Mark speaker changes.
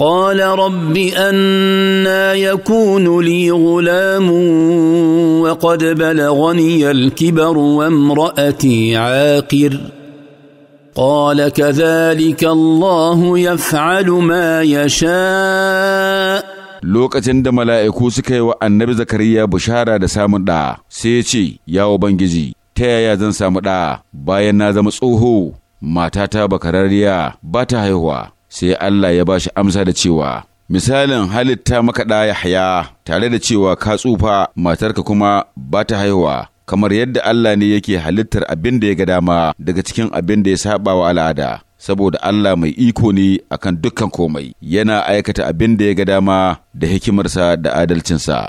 Speaker 1: قال رب أنا يكون لي غلام وقد بلغني الكبر وامرأتي عاقر قال كذلك الله يفعل ما
Speaker 2: يشاء lokacin da mala'iku suka yi wa annabi zakariya bishara da samun ɗa sai ya ce ya ubangiji ta yaya zan samu ɗa bayan na zama tsoho matata bakararriya ba ta haihuwa sai Allah ya ba shi amsa da cewa misalin halitta maka ɗa haya tare da cewa ka tsufa matarka kuma ba ta haihuwa kamar yadda Allah ne yake halittar abin da ya ga dama daga cikin abin da ya saba wa al'ada saboda Allah mai iko ne akan dukkan komai yana aikata abin da ya ga dama da hikimarsa da adalcinsa